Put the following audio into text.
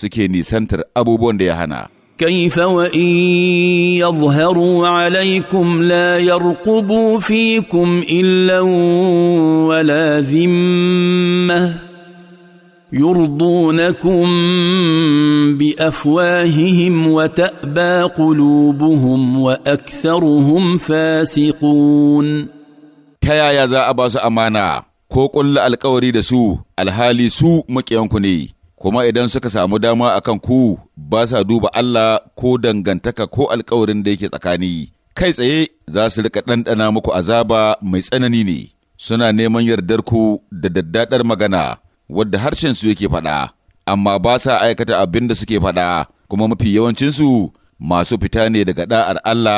suke nisantar abubuwan da ya hana. كيف وإن يظهروا عليكم لا يرقبوا فيكم إلا ولا ذمة يرضونكم بأفواههم وتأبى قلوبهم وأكثرهم فاسقون تيا يا ذا أباس أمانا ko ƙulla alkawari da su alhali su maƙiyanku ne kuma idan suka samu dama a kan ku ba sa duba Allah ko dangantaka ko alkawarin da yake tsakani, kai tsaye za su rika ɗanɗana muku azaba mai tsanani ne, suna neman yardar ku da daddaɗar magana wadda harshen su yake faɗa, amma ba sa aikata abin da suke faɗa, kuma mafi yawancinsu masu fita ne daga da'ar Allah.